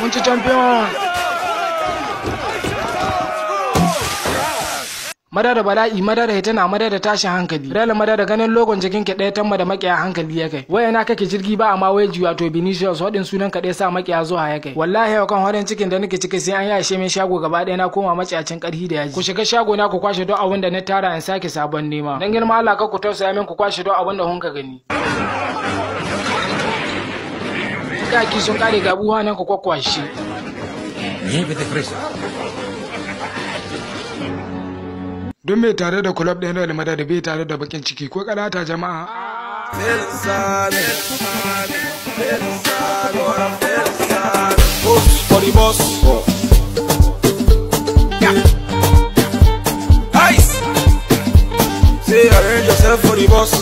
Mun ci champions. bala'i madara ya tana madara tashin hankali rala madara ganin logo jikin ki ɗaya tamma da makiya hankali ya kai waya na kake jirgi ba amma wai juya to Vinicius Waɗin sunan ka ɗaya sa makiya zuwa ya kai wallahi yau kan horin cikin da nake ciki sai an yashe min shago gaba ɗaya na koma maciyacin ƙarhi da yaji ku shiga shago na ku kwashe duk abin da na tara in sake sabon nema dan girma Allah ka ku tausaya min ku kwashe duk abin da hunka gani daki sun kare ga buwa nan ka kwakwashe me bi don mai tare da kulab ɗin Real Madrid bai tare da bakin ciki ko karata jama'a yourself for the boss.